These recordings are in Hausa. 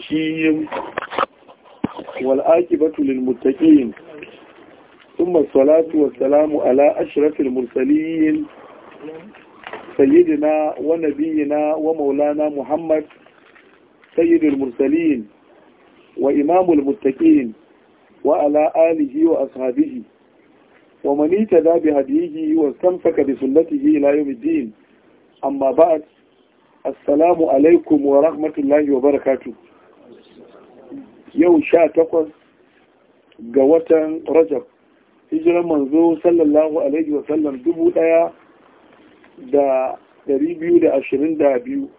shiyin wal'aƙi batulin mutaƙiyin sun masalatu wa salamu ala ashiratul mursaliyin sayyidina wa nabiyina wa maulana muhammad sayyidul mursaliyin wa imamul mutaƙiyin wa ala alihi wa ashabihi wa manita da bi hadihi wa samfaka bi sunnatihi ila yau amma ba'ad السلام عليكم ورحمة الله وبركاته yau sha takwas ga watan rajab hijiran manzo sallallahu alaihi wa sallam dubu daya da dari biyu da ashirin da biyu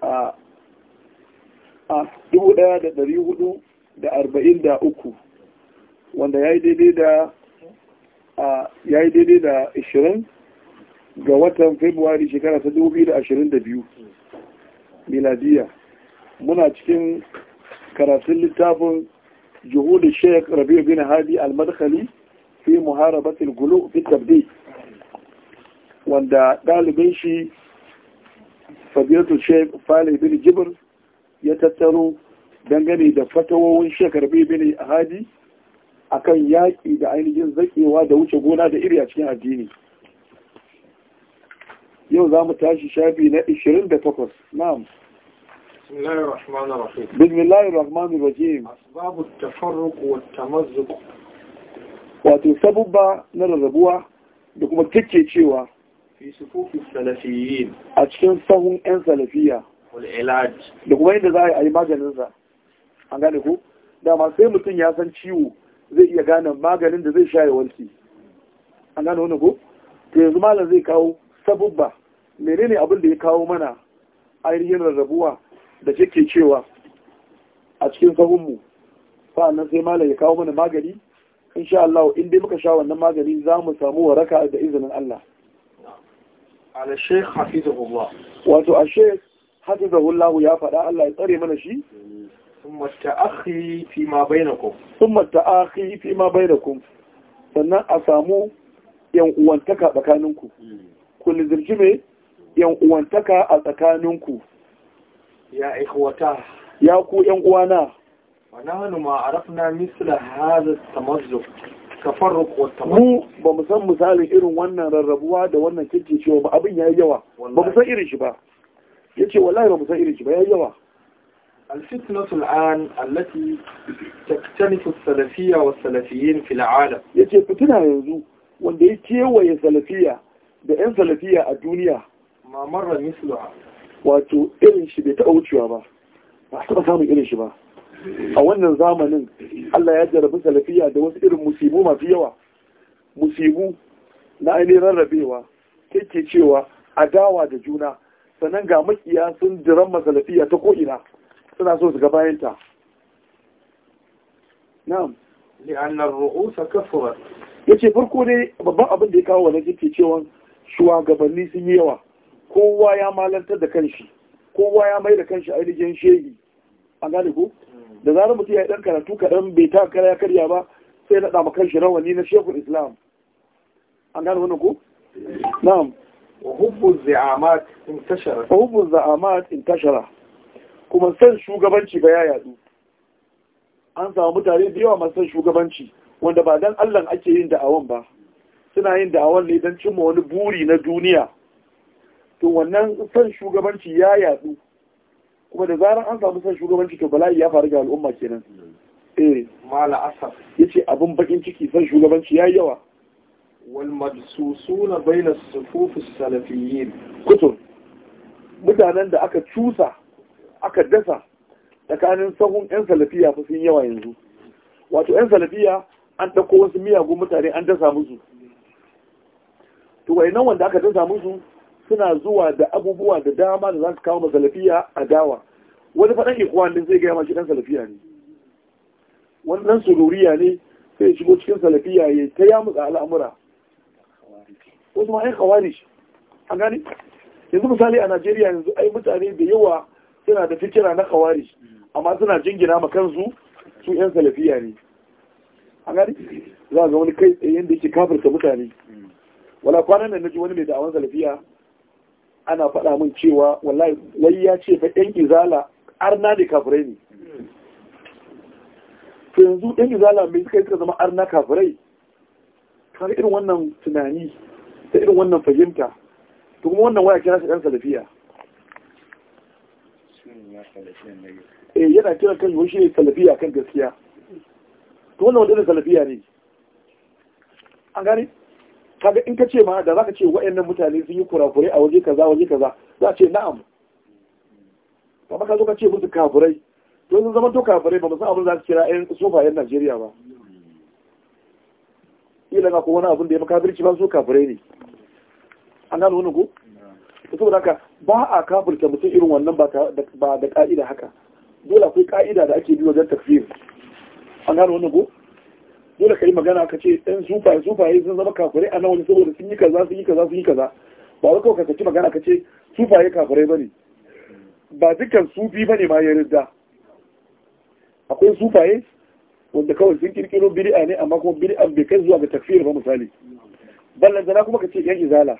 a dubu daya da dari hudu da arba'in da uku wanda ya yi daidai da ya yi daidai da ashirin ga watan februari shekara ta dubu biyu da ashirin da biyu miladiya muna cikin karatun littafin juhudi sheik rabi'u bin hadi al-madkhali fi muharabatil gulu fi tabdi wanda ɗalibin shi fadiyatu sheik fali bin jibir ya tattaro dangane da fatawowin sheik rabi'u bin hadi akan yaƙi da ainihin zaƙewa da wuce gona da iri a cikin addini yau za mu tashi shafi na 28 na'am بسم الله الرحمن الرحيم بسم الله الرحمن الرحيم أسباب التفرق والتمزق وتسبب نرى الربوع لكم التكي تشيوا في صفوف السلفيين أتكين صهم أن سلفية والعلاج لكم أين ذا أي maganin sa an gane ku da ma mutum ya san ciwo zai iya gane maganin da zai sha ya warke gane wani ko to malam zai kawo sabubba menene abin da ya kawo mana ainihin rarrabuwa da take cewa a cikin sahunmu nan sai malam ya kawo mana magani insha Allah in dai muka sha wannan magani za mu samu waraka da izinin Allah ala sheikh hafizahullah wato a sheikh hafizahullah ya faɗa Allah ya tsare mana shi ثم التأخي فيما بينكم ma bai da kun sannan a samu yan uwantaka tsakaninku hmm. ku lizirci mai yan uwantaka a tsakaninku ya ikhwata ya ku yan uwana wa nahnu ma arafna misla hada at-tamazzuk tafarruq wa tamarruq ba mu san misalin irin wannan rarrabuwa da wannan cewa ba abin yayi yawa ba mu san irin shi ba yace wallahi ba mu san irin shi ba yayi yawa الفتنة الآن التي تكتنف السلفية والسلفيين في العالم يجي فتنة ينزو وانده يتيوى السلفية بأن سلفية الدنيا ما مر مثلها wato irin shi bai taɓa wucewa ba ba a taɓa samun irin shi ba a wannan zamanin Allah ya jarabi salafiya da wasu irin musibu masu yawa musibu na ainihin rarrabewa take cewa adawa da juna sannan ga makiya sun jiran masalafiya ta ko'ina suna so su ga bayanta na'am li'annar ru'usa kafurat yace farko ne babban abin da ya kawo wani yake cewa shugabanni sun yi yawa kowa ya malantar da kanshi kowa ya mai da kanshi ainihin shehi an gane ku? da zarar mutum ya yi dan karatu kaɗan bai ta kara ya karya ba sai na naɗa kanshi rawani na shekul islam an gane wannan ku na'am hubbu za'amat intashara hubbu za'amat tashara. kuma san shugabanci ba ya yadu an samu mutane da yawa masu san shugabanci wanda ba dan Allah ake yin da'awan ba suna yin da'awan ne don cimma wani buri na duniya to wannan san shugabanci ya yadu kuma da zaran an samu son shugabanci to bala'i ya faru ga al'umma kenan eh mala asaf yace abin bakin ciki san shugabanci ya yawa wal madsusuna baina sufuf salafiyyin kutu? mutanen da aka cusa aka dasa tsakanin sahun yan salafiya fa sun yawa yanzu wato yan salafiya an ɗauko wasu miyagun mutane an dasa musu to wayannan wanda aka dasa musu suna zuwa da abubuwa da dama da za su kawo masalafiya a dawa wani faɗan ikwan din zai gaya ma shi ɗan salafiya ne wani ɗan sururiya ne sai shigo cikin salafiya ya ta ya mutsa al'amura wasu ma'ai kawari a gani yanzu misali a najeriya yanzu ai mutane da yawa suna da fikira na kawari amma suna jingina ma kansu su yan salafiya ne a gani za ga wani kai tsaye da yake kafirta mutane wala kwanan nan naji wani mai da'awan salafiya ana faɗa min cewa wallahi wai ya ce fa ɗan izala arna da kafirai ne to yanzu ɗan izala mai suka yi suka zama arna kafirai kaga irin wannan tunani ta irin wannan fahimta to kuma wannan waya kira shi ɗan salafiya eh yana kira kan yau shi ne salafiya kan gaskiya to wannan wanda salafiya ne an gane kaga in ka ce ma da zaka ce wa'annan mutane sun yi kurakure a waje kaza waje kaza za a ce na'am amma ka zo ka ce musu kafirai to sun zama to kafirai ba mu san abin za su kira ƴan sofayen Najeriya ba ila ga ko wani abin da ya makafirci ba su kafirai ne an gano wani ko saboda haka ba a kafirta mutum irin wannan ba da ka'ida haka dole akwai ka'ida da ake bi wajen tafiyar an gano wani ko dole ka yi magana ka ce ɗan sufaye sufaye sun zama kafirai a nan wani saboda sun yi kaza sun yi kaza sun yi kaza ba wani kawai ka saki magana ka ce sufaye kafirai ba ne ba dukkan sufi ba ne ma ya rinda akwai sufaye wanda kawai sun kirkiro bid'a ne amma kuma bid'an bai kai zuwa ga takfir ba misali ballan zana kuma ka ce yan izala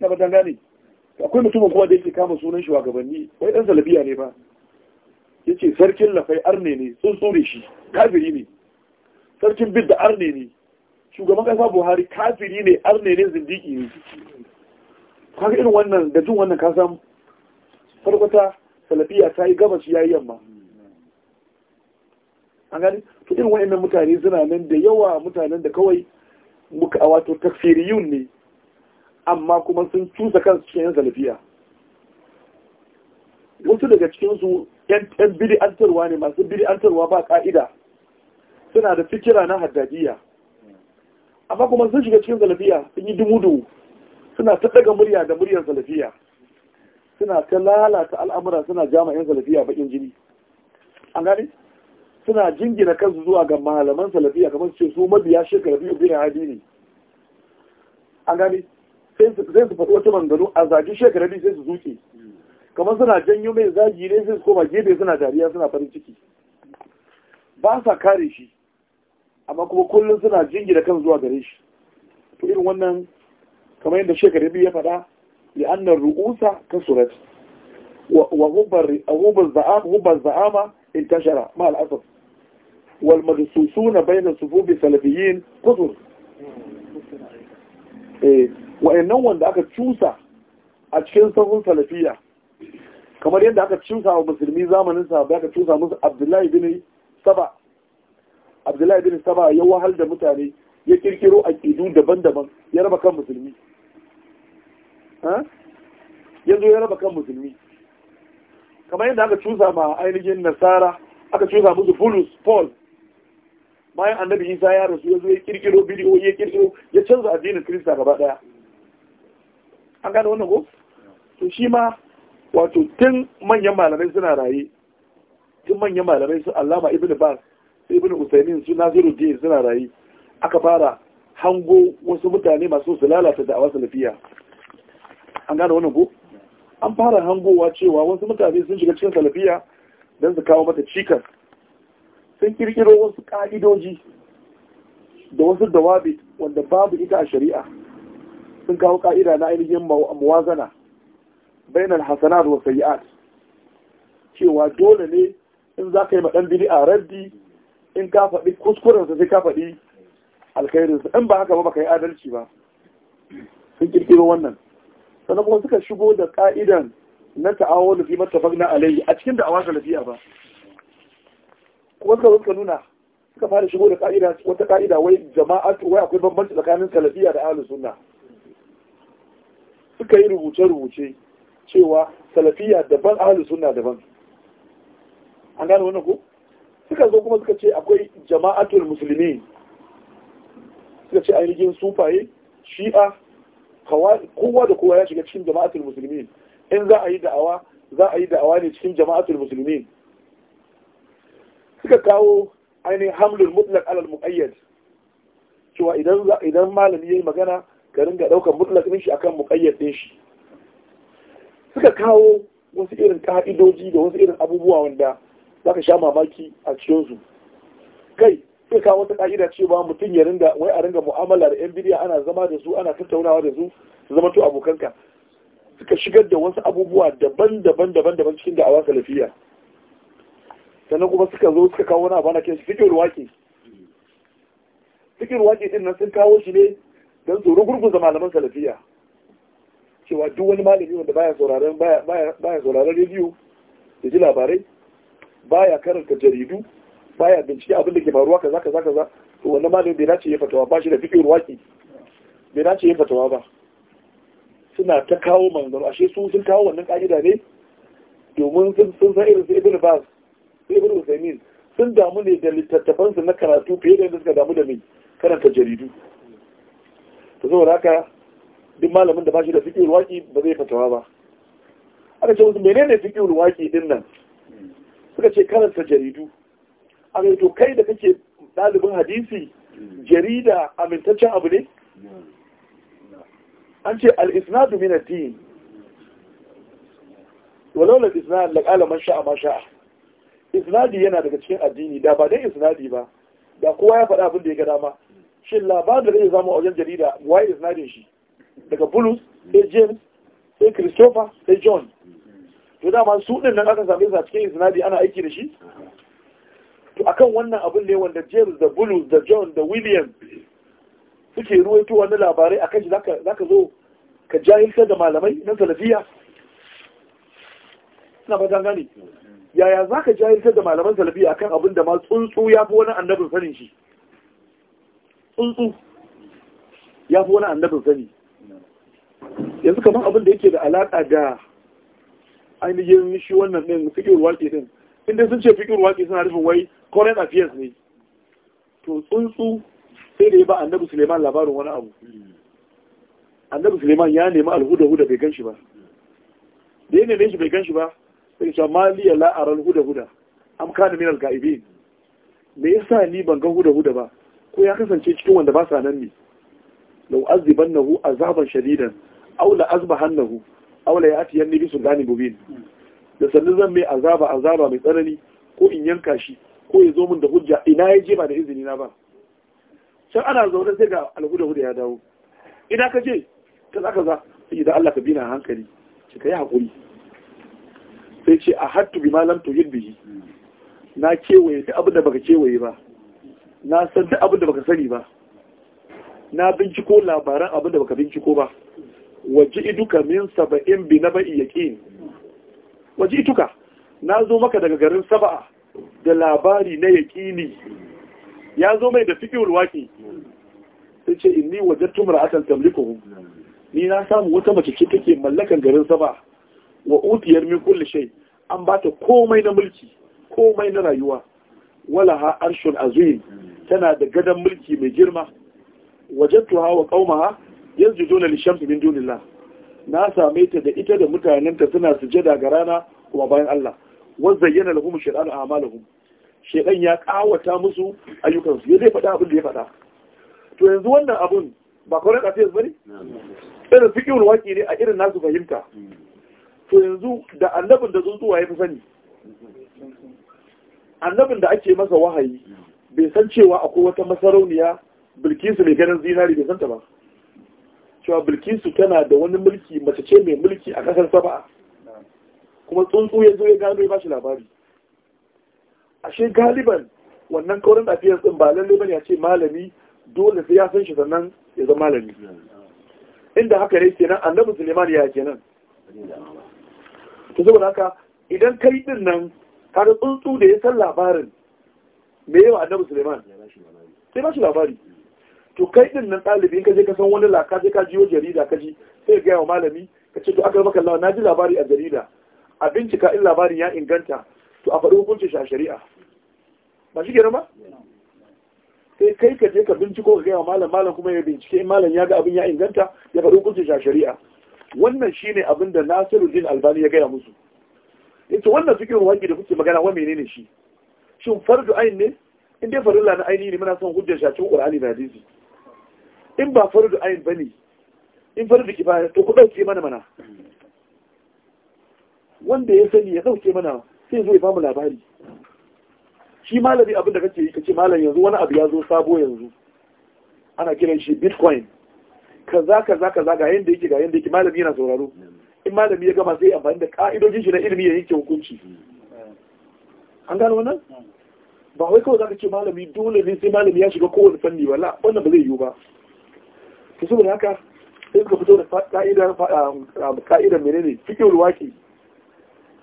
na dan gane akwai mutumin kuma da yake kama sunan shugabanni wai dan salafiya ne ba yace sarkin lafai arne ne sun tsore shi kafiri ne sarkin bid da arne ne shugaban kasa buhari kafiri ne arne ne zindiki ne kaga irin wannan da jin wannan kasan farkwata salafiya ta yi gabas ya yi yamma an gani to irin wa'annan mutane suna nan da yawa mutanen da kawai muka wato tafsiriyun ne amma kuma sun cusa kansu cikin yan salafiya wasu daga cikinsu yan bid'antarwa ne masu bid'antarwa ba ka'ida suna da fikira na haddadiya amma kuma sun shiga cikin zalafiya sun yi dumudu suna ta daga murya da muryar zalafiya suna ta lalata al'amura suna jama'in zalafiya bakin jini an gani suna jingina kansu zuwa ga malaman zalafiya kamar su ce su mabiya shekara biyu biyu hadi ne an gani sai su faɗi wata mangano a zagi shekara biyu sai su zuke kamar suna janyo mai zagi ne sai su koma gefe suna dariya suna farin ciki ba sa kare shi amma kuma kullum suna jingina kan zuwa gare shi to irin wannan kamar yadda shekar biyu ya faɗa ya annar ru'usa kan surat wa hubar za'ama in tashara ma al'asar wal majasusu na bayanan sufufi salafiyin kusur eh, nan wanda aka cusa a cikin sahun salafiya kamar yadda aka cusa wa musulmi zamanin sa, ba aka cusa musu abdullahi bin saba abdullahi bin saba ya wahal da mutane ya kirkiro aƙidu daban-daban ya raba kan musulmi yanzu ya raba kan musulmi kamar yadda aka cusa ma ainihin nasara aka cusa musu fulus paul bayan annabi isa ya rasu ya ya kirkiro bidiyo ya kirkiro ya canza addinin kirista gaba daya an gane wannan ko to shi ma wato tun manyan malamai suna raye tun manyan malamai su allama ibn bas ibn usaimin su naziruddin suna rayu aka fara hango wasu mutane masu su lalata da salafiya an gane wani ko an fara hangowa cewa wasu mutane sun shiga cikin salafiya don su kawo mata cikas sun kirkiro wasu ƙa'idoji da wasu dawabi wanda babu ita a shari'a sun kawo ƙa'ida na ainihin muwazana bainal hasanar wasu yi'ad cewa dole ne in za ka yi ma dan a raddi in ka faɗi kuskurensa sai ka faɗi sa in ba haka ba baka yi adalci ba sun kirkiro wannan sannan kuma suka shigo da ka'idan na ta'awo da fi matafak na alayyi a cikin da da'awa lafiya ba kuma suka zo suka nuna suka fara shigo da ka'ida wata ka'ida wai jama'a wai akwai bambanci tsakanin salafiya da ahlus sunna suka yi rubuce-rubuce cewa salafiya daban ahlus sunna daban an gane wannan ko suka zo kuma suka ce akwai jama'atul musulmi suka ce ainihin sufaye shi'a kowa da kowa ya shiga cikin jama'atul musulmi in za a yi da'awa za a yi da'awa ne cikin jama'atul musulmi suka kawo ainihin hamlin mutlak alal muqayyad cewa idan idan malami yi magana ka ringa daukar mutlak din shi akan muqayyad din shi suka kawo wasu irin ka'idoji da wasu irin abubuwa wanda za ka sha mamaki a cikinsu kai sai kawo wata ka'ida cewa mutum ya ringa wai a ringa mu'amala da yan bidiya ana zama da su ana tattaunawa da su su zama to abokanka suka shigar da wasu abubuwa daban-daban daban-daban cikin awa salafiya sannan kuma suka zo suka kawo wani abu ana kinsu fikin waƙe fikin waƙe din nan sun kawo shi ne don tsoro gurguza malaman salafiya cewa duk wani malami wanda baya sauraron rediyo da ji labarai baya karanta jaridu baya bincike abin da ke faruwa kaza kaza kaza to wannan malamin bai dace ya fatawa ba shi da fiqh ruwaki bai dace ya fatawa ba suna ta kawo manzaro ashe su sun kawo wannan ka'ida ne domin sun san irin su ibn bas ibn usaimin sun damu ne da littattafansu na karatu fiye da yadda suka damu da mai karanta jaridu to saboda haka duk malamin da ba shi da fiƙi ruwaƙi ba zai fatawa ba aka ce musu menene fiƙi ruwaƙi din nan suka ce karanta jaridu a to kai da kake ɗalibin hadisi jarida amintaccen abu ne an ce al-isnadu min ad-din walau la isnad la sha'a ma sha'a isnadi yana daga cikin addini da ba dai isnadi ba da kowa ya faɗa abin da ya ga dama shin labarin da zai zama a wajen jarida waye isnadin shi daga bulus sai james sai christopher sai john to dama su din nan aka same su a cikin isnadi ana aiki da shi to akan wannan abin ne wanda James da Bulus da John da William suke ruwaito wani labarai akan shi zaka zaka zo ka jahilta da malamai na salafiya ina ba gane yaya zaka jahilta da malaman salafiya akan abin da ma tsuntsu ya fi wani annabin sanin shi tsuntsu ya fi wani annabin sani yanzu kamar abin da yake da alaƙa da ainihin shi wannan ɗin fiqhul waƙi ɗin inda sun ce fiqhul waƙi suna rufin wai current affairs ne to tsuntsu sai da ya ba annabi Suleiman labarin wani abu annabi Suleiman ya nemi alhuda-huda bai gan shi ba da ya neme shi bai gan shi ba sai ce ma liya la'ar huda-huda am kana min al-ga'ibin me yasa ni ban ga huda-huda ba ko ya kasance cikin wanda ba sa nan ne law azibannahu azaban shadidan aw la azbahannahu aula ya ati yanni bi sultani mubin da sannu zan mai azaba azaba mai tsanani ko in yanka shi ko ya zo min da hujja ina ya je ba da izini na ba can ana zaune sai ga alhuda huda ya dawo ina ka je ka za ka za sai da Allah ka bina hankali ka yi hakuri sai ce a hattu bi malam to yin bihi na kewaye duk abin da baka kewaye ba na san duk abin da baka sani ba na binciko labaran abin da baka binciko ba waje iduka min saba'in bi na ba'i yakin. waje na zo maka daga garin saba'a da labari na yaƙini ya zo mai da fikiyar waƙi sai ce inni waje tumra tamlikuhu ni na samu wata mace ce take mallakan garin saba'a wa utiyar min kulli shay an ba ta komai na mulki komai na rayuwa wala ha arshun azim tana da gadon mulki mai girma tuwa wa qaumaha yanzu dole lishamsu min Allah na same ta da ita da mutanenta suna sujada ga rana kuma bayan Allah wa zayyana lahum shaytanu a'malahum shaytan ya kawata musu ayyukan su zai faɗa abin da ya faɗa to yanzu wannan abun ba kawai ka yanzu bane irin fiqhul waki ne a irin nasu fahimta to yanzu da annabin da tsuntsuwa ya fi sani annabin da ake masa wahayi bai san cewa akwai wata masarauniya bilkisu mai ganin zinari bai santa ba cewa bilkisu tana da wani mulki mace ce mai mulki a kasar saba'a kuma tsuntsu ya zo ya gano ya bashi labari ashe galiban wannan kaurin tafiyar din ba lalle bane ya ce malami dole sai ya san shi sannan ya zama malami inda haka ne kenan annabi Suleiman ya kenan to saboda haka idan kai din nan ka tsuntsu da ya san labarin me yawa annabi Suleiman sai ba shi labari to kai din nan ɗalibi in ka je ka san wani laka je ka jiyo jarida ka ji sai ga yawa malami ka ce to aka maka lawa na ji labari a jarida a bincika in labarin ya inganta to a faɗi hukuncin shi a shari'a ba shi kenan ba sai kai ka je ka binciko ka gaya malam malam kuma ya bincike in malam ya ga abin ya inganta ya faɗi hukuncin shi a shari'a wannan shine abin da Nasiruddin Albani ya gaya musu yace wannan fikirin wanki da kuke magana wa menene shi shin fardu ain ne in dai farilla na aini ne muna son hujjar shi a cikin Qur'ani da hadisi in ba faru da ayin bane in faru da kifaya to ku dauke mana mana wanda ya sani ya dauke mana sai zai ba bamu labari shi malami abin da kake yi kace malam yanzu wani abu ya zo sabo yanzu ana kiran shi bitcoin kaza kaza kaza ga yanda yake ga yanda yake malami yana sauraro in malami ya gama sai amfani da ka'idojin shi na ilimi ya yanke hukunci an gano wannan ba wai kawai zaka ce malami dole ne sai malami ya shiga kowane fanni wala wannan ba zai yiwu ba to haka sai suka fito da ka'idar ah, ah, ka'idar menene cikin ruwaki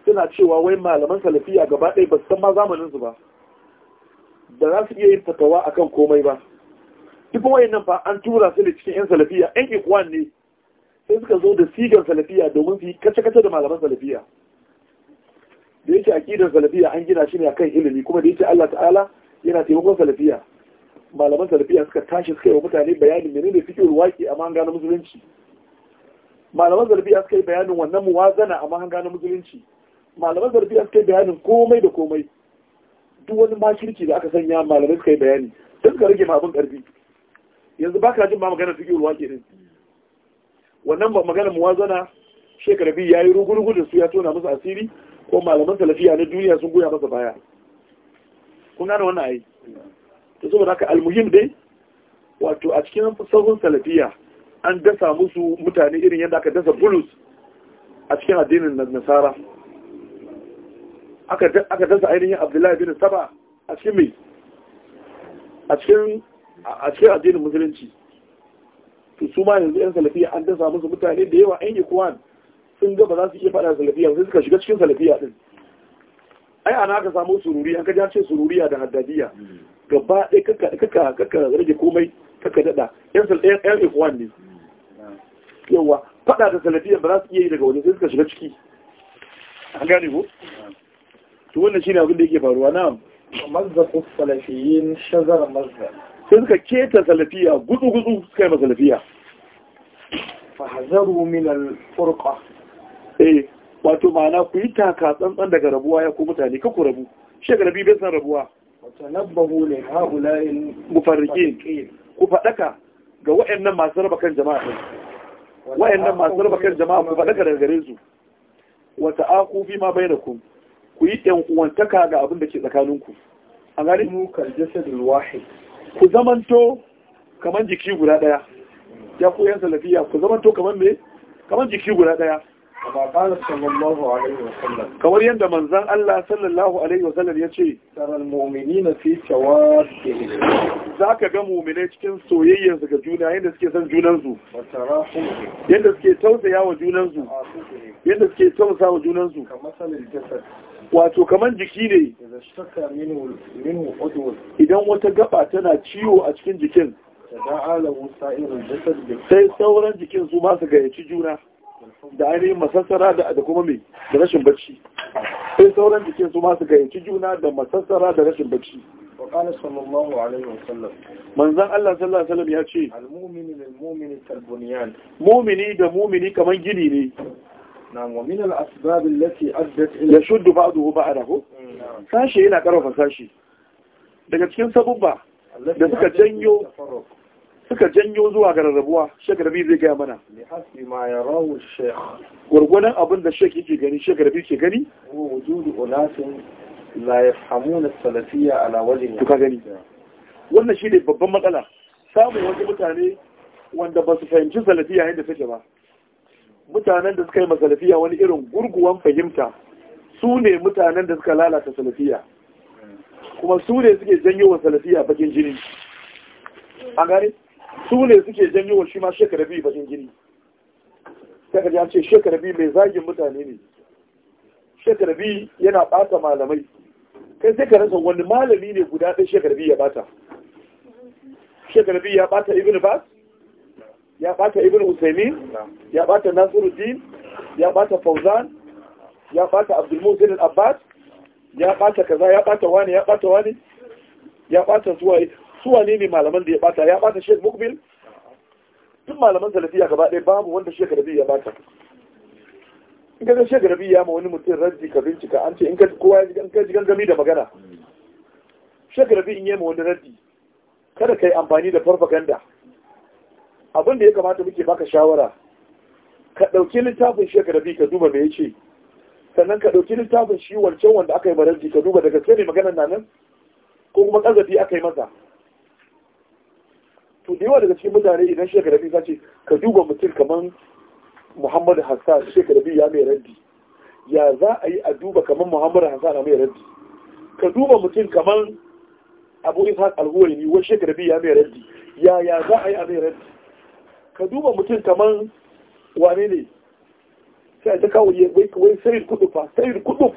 suna cewa wai malaman salafiya gaba ɗaya ba san ma zamanin su ba da za su iya yin fatawa akan komai ba duk nan fa an tura su ne cikin yan salafiya yan ikwan ne sai suka zo da sigar salafiya domin su yi kace-kace da malaman salafiya da yake akidar salafiya an gina shi ne akan ilimi kuma da yake Allah ta'ala yana taimakon salafiya malaman salafiya suka tashi suka yi wa mutane bayanin menene suke ruwaki a mahanga na musulunci malaman salafiya suka yi bayanin wannan muwazana a mahanga na musulunci malaman salafiya suka yi bayanin komai da komai duk wani makirki da aka sanya malamai suka yi bayani don ka rage ma abin karfi yanzu baka jin ma maganar suke ruwaki din wannan ba maganar muwazana shekara biyu ya yi rugurugu da su ya tona musu asiri ko malaman salafiya na duniya sun goya masa baya kun gane wannan ayi to saboda haka almuhim dai wato a cikin sahun salafiya an dasa musu mutane irin yadda aka dasa bulus a cikin addinin nasara aka dasa ainihin abdullahi bin saba a cikin mai a cikin addinin musulunci to su ma yanzu yan salafiya an dasa musu mutane da yawa yan ikuwan sun ga ba za su iya faɗa salafiya sai suka shiga cikin salafiya din ai ana aka samu sururi an ka ce sururiya da haddadiya gaba ɗaya kaka kaka rage komai kaka daɗa yan salɗayan kuwa ne yawa faɗa da salafiyan ba za su iya yi daga wani sai suka shiga ciki an gane ko to wannan shi ne abin da yake faruwa na mazzaku salafiyin shazar mazza sai suka keta salafiya gutsu gutsu suka yi masalafiya fahazaru min al-furqa eh wato ma'ana ku yi taka tsantsan daga rabuwa ya ku mutane ka ku rabu shekarabi bai san rabuwa tanabbahu li haula'il mufarriqin ku fadaka ga wayannan masu raba kan jama'a din wayannan masu raba kan jama'a ku fadaka daga gare su wata aku fi ma bainakum ku ku yi ɗan uwantaka ga abin da ke tsakanin ku a gari mu kal jasadul wahid ku zamanto kaman jiki guda daya ya ku yan salafiya ku zamanto kaman me kaman jiki guda daya kamar yadda manzan Allah sallallahu alaihi wasallam ya ce za ka ga muminai cikin su ga juna yadda suke son junansu yadda suke tausaya wa junansu yadda suke tausa wa junansu wato kamar jiki ne idan wata gaba tana ciwo a cikin jikin sai sauran jikin su masu gayyaci juna da ainihin masassara da kuma mai da rashin bacci sai sauran jikin su masu gayyaci juna da masassara da rashin bacci وقال صلى الله عليه وسلم من ذا الله صلى الله عليه وسلم يا شيء المؤمن للمؤمن كالبنيان مؤمني ده مؤمني ne نعم ومن الاسباب التي ادت الى يشد بعضه بعضه sashi yana karfafa sashi daga cikin sabubba da suka janyo suka janyo zuwa ga rarrabuwa shek zai gaya mana gwargwanon abin da shek yake gani shek ke gani Wannan shi ne babban matsala samun wasu mutane wanda ba su fahimci salafiya yadda take ba mutanen da suka yi masalafiya wani irin gurguwan fahimta su ne mutanen da suka lalata salafiya kuma su ne suke janyo wa salafiya bakin jini a gare su ne suke janyo wa shi ma shekara biyu bakin gini Ta ya ce shekara biyu mai zagin mutane ne shekara biyu yana ɓata malamai kai sai ka rasa wani malami ne guda ɗaya shekara biyu ya ɓata shekara biyu ya ɓata ibn bas ya ɓata ibn usaimin ya ɓata nasiruddin ya ɓata fauzan ya ɓata abdulmusin abbas ya ɓata kaza ya ɓata wani ya ɓata wani ya ɓata zuwa su wane ne malaman da ya bata ya bata shek Mukbil Tun malaman salafiya gaba ɗaya babu wanda Sheikh Rabi ya bata in ka ga Sheikh Rabi ya ma wani mutum raddi ka bincika an ce in ka kowa ya ji ka ji gangami da magana Sheikh Rabi in yi ma wani raddi kada ka yi amfani da farfaganda abin da ya kamata muke baka shawara ka ɗauki littafin Sheikh Rabi ka duba me yace sannan ka ɗauki littafin shi wancan wanda aka yi maraddi ka duba daga gaske ne na nan ko kuma ƙazafi aka yi masa to da yawa daga cikin mutane idan shekar da ka ce ka duba mutum kamar muhammadu hassan shekar biyu ya mai raddi ya za a yi a duba kamar muhammadu hassan a mai raddi ka duba mutum kamar abu ishaq ne wani shekar biyu ya mai raddi ya ya za a yi a mai raddi ka duba mutum kamar wane ne sai a ta kawo wai sayar kudu fa sayar kudu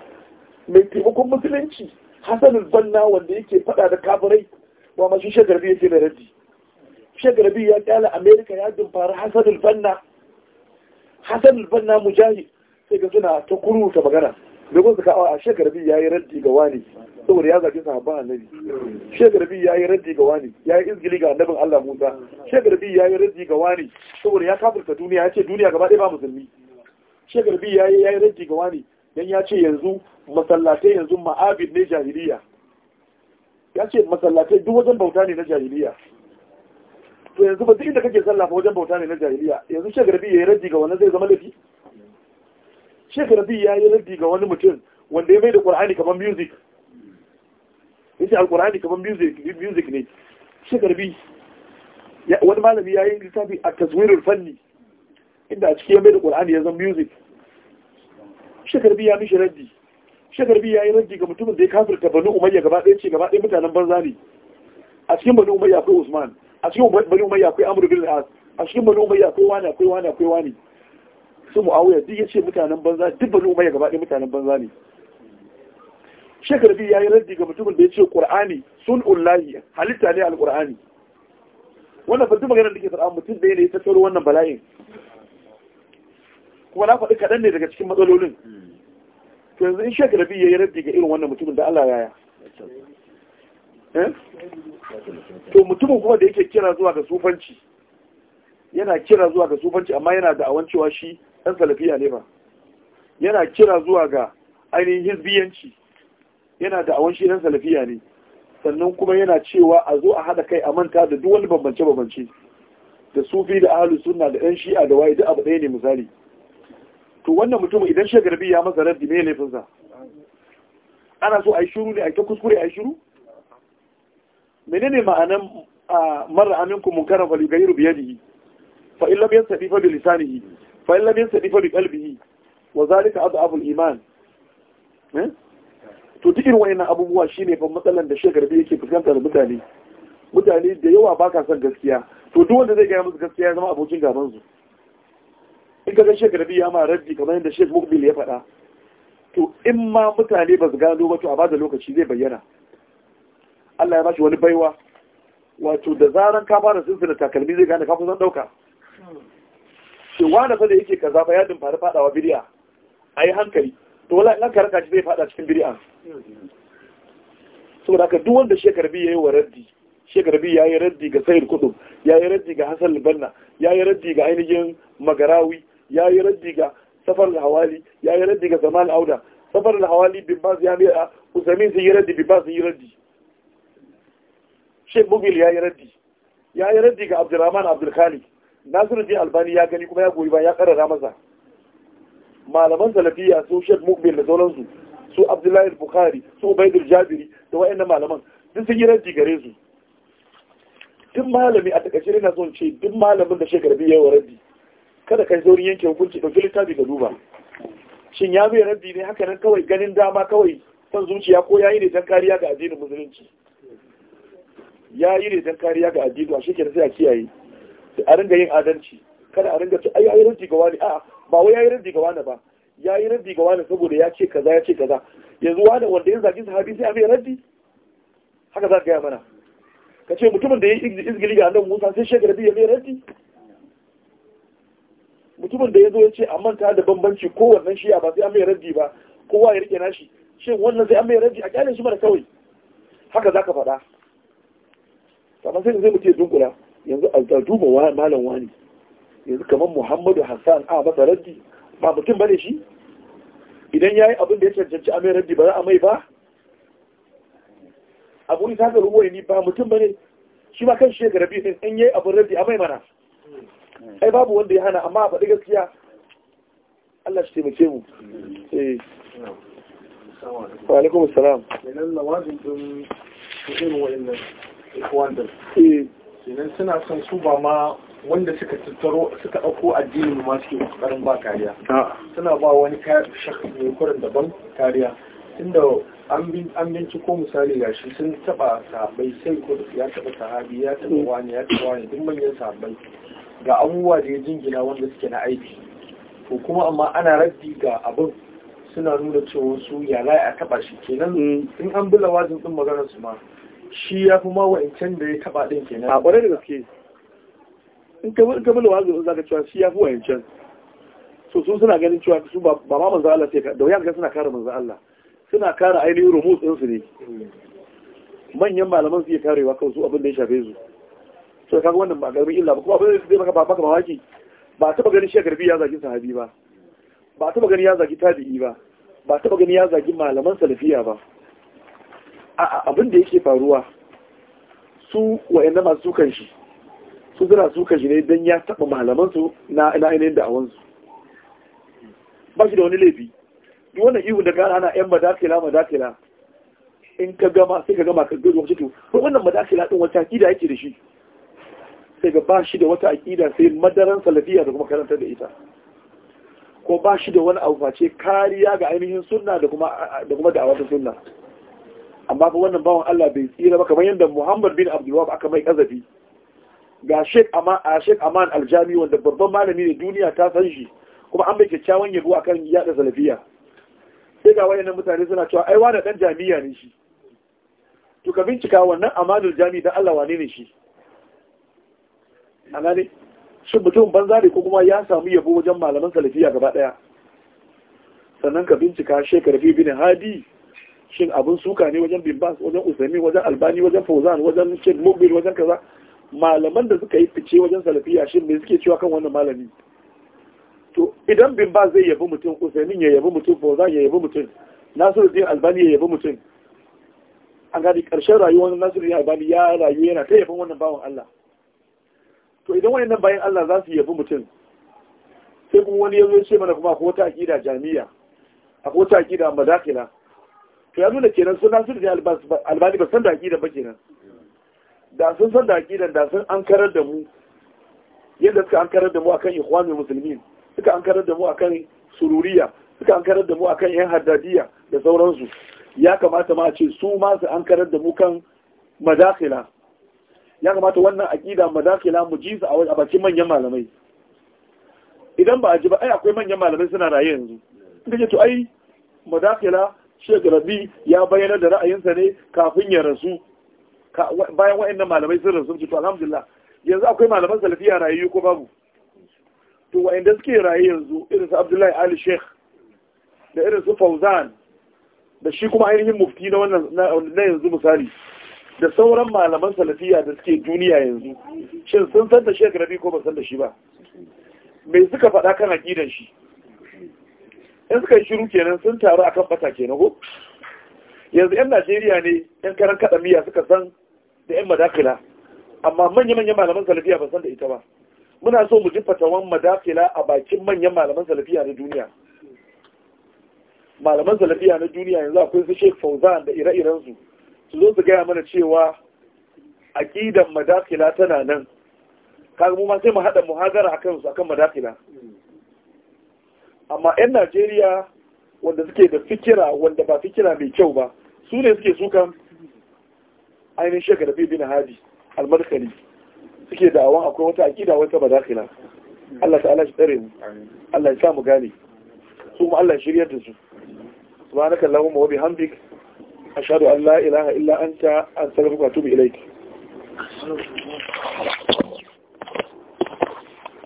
mai taimakon musulunci hasanul banna wanda yake fada da kabarai wa mashi shekar rabi ya mai raddi shagarabi ya kyala amerika ya dumfari hasan albanna hasan albanna mujahid sai ga suna ta kuru ta magana da kun suka a shagarabi ya yi raddi ga wani saboda ya zaki sahabban annabi shagarabi ya yi raddi ga wani ya yi izgili ga annabin allah musa shagarabi ya yi raddi ga wani saboda ya kafirta duniya ya ce duniya gaba ɗaya ba musulmi shagarabi ya yi raddi ga wani dan ya ce yanzu masallatai yanzu ma'abid ne jahiliya ya ce masallatai duk wajen bauta ne na jahiliya to yanzu ba duk inda kake sallah fa wajen bauta ne na jahiliya yanzu shekar bi ya yi raddi ga wani zai zama laifi shekar bi ya yi raddi ga wani mutum wanda ya maida da qur'ani kamar music yace alqur'ani kamar music music ne shekar bi wani malami ya yi littafi a taswirul fanni inda a cikin ya maida da qur'ani ya zama music shekar bi ya mishi raddi shekar bi ya yi raddi ga mutumin da ya kafirta banu umayya gaba ɗaya ce gaba ɗaya mutanen banza ne a cikin banu umayya akwai usman a cikin bani umayya akwai amr bin al a cikin bani umayya akwai wani akwai wani akwai wani su muawiya duk ce mutanen banza duk bani umayya gaba ɗaya mutanen banza ne Shekaru biyu ya yi raddi ga mutumin da ya ce ƙur'ani sun ullahi halitta ne al-ƙur'ani wannan fardin maganar da ke fara mutum da ya yi ta tsoro wannan bala'in kuma na faɗi kaɗan ne daga cikin matsalolin to yanzu in shekaru biyu ya yi raddi ga irin wannan mutumin da allah ya yaya Eh? to mutumin kuma da yake kira zuwa ga sufanci yana kira zuwa ga sufanci amma yana da awan cewa shi ɗan salafiya ne ba yana kira zuwa ga ainihin hizbiyanci yana da awan shi ɗan salafiya ne sannan kuma yana cewa a zo a haɗa kai a manta da duk wani bambance-bambance da sufi da ahalu suna da ɗan shi'a da waye duk abu ɗaya ne misali to wannan mutum idan shagarbi ya masa raddi ne laifinsa ana so a yi shuru ne a ta kuskure a yi shuru menene ma'anan mara aminku munkaran faligairu biyadihi fa illa lam yastati fa bi lisanihi fa illa lam yastati fa bi qalbihi wa zalika adhafu al-iman eh? to duk irin wayannan abubuwa shine fa matsalan da shekar da yake fuskanta da mutane mutane da yawa baka son gaskiya to duk wanda zai gaya musu gaskiya ya zama abokin gaban su in ka ga shekar da ya ma kamar yadda shek mukbil ya faɗa to in ma mutane ba su gano ba to a bada lokaci zai bayyana Allah ya bashi wani baiwa wato da zaran ka fara sinsina takalmi zai gane kafin zan dauka shi wanda fa da yake kaza fa ya din fara fadawa bid'a yi hankali to wala in ka raka shi zai fada cikin bid'a saboda ka duk wanda shekarbi yayi wa raddi shekarbi yayi raddi ga sayyid ya yayi raddi ga hasan al-banna yayi raddi ga ainihin magarawi yayi raddi ga safar al-hawali yayi raddi ga zaman auda safar al-hawali bin baz ya ne usamin sai yi raddi bin baz yi raddi shek mobil ya yi raddi ya yi raddi ga Abdulrahman abdulkhali nasiruddin albani ya gani kuma ya goyi ba ya karara masa malaman salafiya su shek mugil da sauransu su abdullahi bukhari su ubaidul jabiri da wa'annan malaman duk sun yi raddi gare su duk malami a takaice ina son ce duk malamin da shekara biyu yawa raddi kada kai saurin yanke hukunci ɗauki littafi ka duba shin ya bi raddi ne haka nan kawai ganin dama kawai son zuciya ko yayi ne don kariya ga addinin musulunci ya yi ne don kariya ga addini a shekara sai a kiyaye a ringa yin adalci kada a ringa ce ayi yayi raddi ga wani a'a ba wai yayi raddi ga wani ba yayi raddi ga wani saboda ya ce kaza ya ce kaza yanzu wani wanda ya zagi sahabi sai a mai raddi haka za ka gaya mana ka ce mutumin da ya yi izgili ga annabi Musa sai shekaru biyu ya mai raddi mutumin da ya zo ya ce a manta da bambanci kowannen shiya ba sai an mai raddi ba kowa ya rike nashi shin wannan sai an mai raddi a kyale shi mana kawai haka za ka faɗa amma sai zai mutu ya dunkula yanzu a duba malam wani yanzu kamar muhammadu hassan a masa raddi ba mutum bane shi idan ya yi abin da ya cancanci amai raddi ba za a mai ba abu isa ga ruwa ni ba mutum bane shi ma kan shekara biyu din in yayi abin raddi a mai mana ai babu wanda ya hana amma a faɗi gaskiya Allah shi taimake mu eh wa alaikum assalam lalle wajibin irin wa'annan ikwandar eh. kenan suna son su ba ma wanda suka tattaro suka ɗauko addinin ma suke ƙoƙarin ba kariya ah. suna ba wani shak mai kurin daban kariya inda an binciko misali ga shi sun taɓa sahabbai sai ko ya taɓa sahabi ya taɓa hmm. wani ya taɓa wani duk manyan sahabbai ga abubuwa da ya jingina wanda suke na aiki to kuma amma ana raddi ga abin suna nuna cewa su ya a taɓa shi kenan hmm. in an bi wajen ɗin maganar su ma shi ya fi ma da ya taɓa ɗin nan a ƙwarai da gaske in ka in ka bi za ka cewa shi ya fi wa'ancan so su suna ganin cewa su ba ma manzo Allah sai da wuyan ga suna kare manzo Allah suna kare ainihin rumus ɗinsu ne manyan malaman su iya karewa kawai su abin da ya shafe su sai ga wannan ba garbi illa ba kuma abin da zai ba baka mawaki ba taba ganin shi garbi ya zagi sahabi ba ba taba ganin ya zagi tabi'i ba ba taba ganin ya zagi malaman salafiya ba abin da yake faruwa su wa'annan masu sukan shi su suna sukan shi ne don ya taɓa malamansu na ainihin da'awansu ba shi da wani laifi duk wannan ihun da gara ana yan madakila madakila in ka gama sai ka gama ka wacce to ko wannan madakila ɗin wata akida yake da shi sai ga ba shi da wata akida sai madaran salafiya da kuma karantar da ita ko ba shi da wani abu face kariya ga ainihin sunna da kuma da'awar sunna amma fa wannan bawan Allah bai tsira ba kamar yadda Muhammad bin Abdul aka mai kazafi ga Sheikh Ama a Sheikh Aman Aljami wanda babban malami ne duniya ta san shi kuma an bai kyakkyawan yabo akan yada salafiya sai ga wayannan mutane suna cewa ai wani dan jami'a ne shi to ka bincika wannan Amanul Jami da Allah wane ne shi ana ne shi mutum banza ne ko kuma ya samu yabo wajen malaman salafiya gaba daya sannan ka bincika Sheikh Rafi bin Hadi shin abin suka ne wajen bimbas wajen usami wajen albani wajen fauzan wajen shin mobil wajen kaza malaman da suka yi fice wajen salafiya shin me suke cewa kan wannan malami to idan bimbas zai yabi mutum usami ya yabi mutum fauzan ya yabi mutum nasiruddin albani ya yabi mutum an gadi karshen rayuwar nasiruddin albani ya rayu yana ta yabin wannan bawan Allah to idan wani nan bayan Allah za su yabi mutum sai kuma wani ya zo ce mana kuma akwai wata akida jami'a akwai wata akida madakila to ya nuna kenan sun nasu da albani ba san da aƙidan ba kenan da sun san da aƙidan da sun an karar da mu yadda suka an karar da mu akan ikhwanul muslimin suka an karar da mu akan sururiya suka an karar da mu akan yan haddadiya da sauransu ya kamata ma a ce su ma su an karar da mu kan madakila ya kamata wannan aƙida madakila mu ji su a bakin manyan malamai idan ba a ji ba ai akwai manyan malamai suna raye yanzu in to ai madakila Sheikh Rabi ya bayyana da ra'ayinsa ne kafin ya rasu bayan wa'annan malamai sun rasu to alhamdulillah yanzu akwai malaman salafiya rayu ko babu to wa'anda suke raye yanzu irin su Abdullahi Ali Sheikh da irin su Fauzan da shi kuma ainihin mufti na wannan na yanzu misali da sauran malaman salafiya da suke duniya yanzu shin sun san da Sheikh Rabi ko ba san da shi ba me suka faɗa kan aqidar shi in suka yi shiru kenan sun taru akan ɓata kenan ko yanzu yan najeriya ne yan karan kaɗa miya suka san da yan madakila amma manya-manyan malaman salafiya ba san da ita ba muna so mu ji fatawan madakila a bakin manyan malaman salafiya na duniya malaman salafiya na duniya yanzu akwai su shek fauzan da ire iren su zo su gaya mana cewa aƙidan madakila tana nan kaga mu ma sai mu haɗa muhadara akan su akan madakila amma 'yan najeriya wanda suke da fikira wanda ba fikira mai kyau ba su ne suke sukan ainihin shekara bibi bin hadi almadkali suke da awon akwai wata akida wata badakila Allah ta'ala shi tsare mu Allah ya sa mu gane su mu Allah shirya da su subhanaka allahumma wa bihamdik ashhadu an la ilaha illa anta astaghfiruka wa atubu ilaik